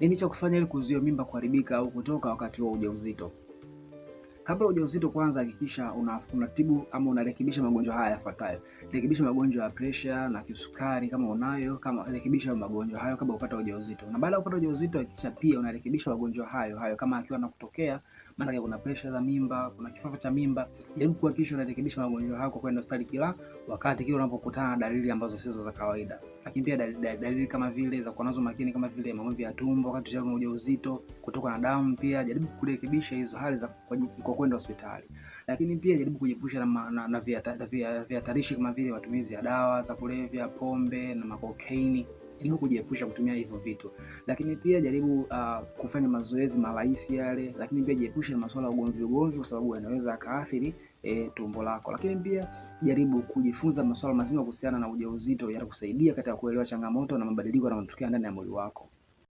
Nini cha kufanya ili kuzuia mimba kuharibika au kutoka wakati wa ujauzito? Kabla ujauzito, kwanza hakikisha unatibu una ama unarekebisha magonjwa haya yafuatayo. Rekebisha magonjwa ya presha na kisukari kama unayo, kama rekebisha magonjwa hayo kabla upata ujauzito, na baada ya kupata ujauzito hakikisha pia unarekebisha magonjwa hayo hayo kama akiwa na kutokea maanake kuna presha za mimba, kuna kifafa cha mimba. Jaribu kuhakikisha unarekebisha magonjwa hayo kwa kwenda hospitali kila wakati, kila unapokutana na dalili ambazo sizo za kawaida. Lakini pia dalili kama vile za kuwa nazo makini, kama vile maumivu ya tumbo wakati una ujauzito, kutoka na damu, pia jaribu kurekebisha hizo hali za kwa kwenda hospitali. Lakini pia jaribu kujiepusha na, na, na vihatarishi vya, vya, vya kama vile matumizi ya dawa za kulevya, pombe na makokaini jaribu kujiepusha kutumia hivyo vitu, lakini pia jaribu uh, kufanya mazoezi marahisi yale, lakini pia jiepushe na masuala ya ugomvi ugomvi, kwa sababu yanaweza akaathiri e, tumbo lako, lakini pia jaribu kujifunza masuala mazima kuhusiana na ujauzito, yatakusaidia katika kuelewa changamoto na mabadiliko yanayotokea ndani ya mwili wako.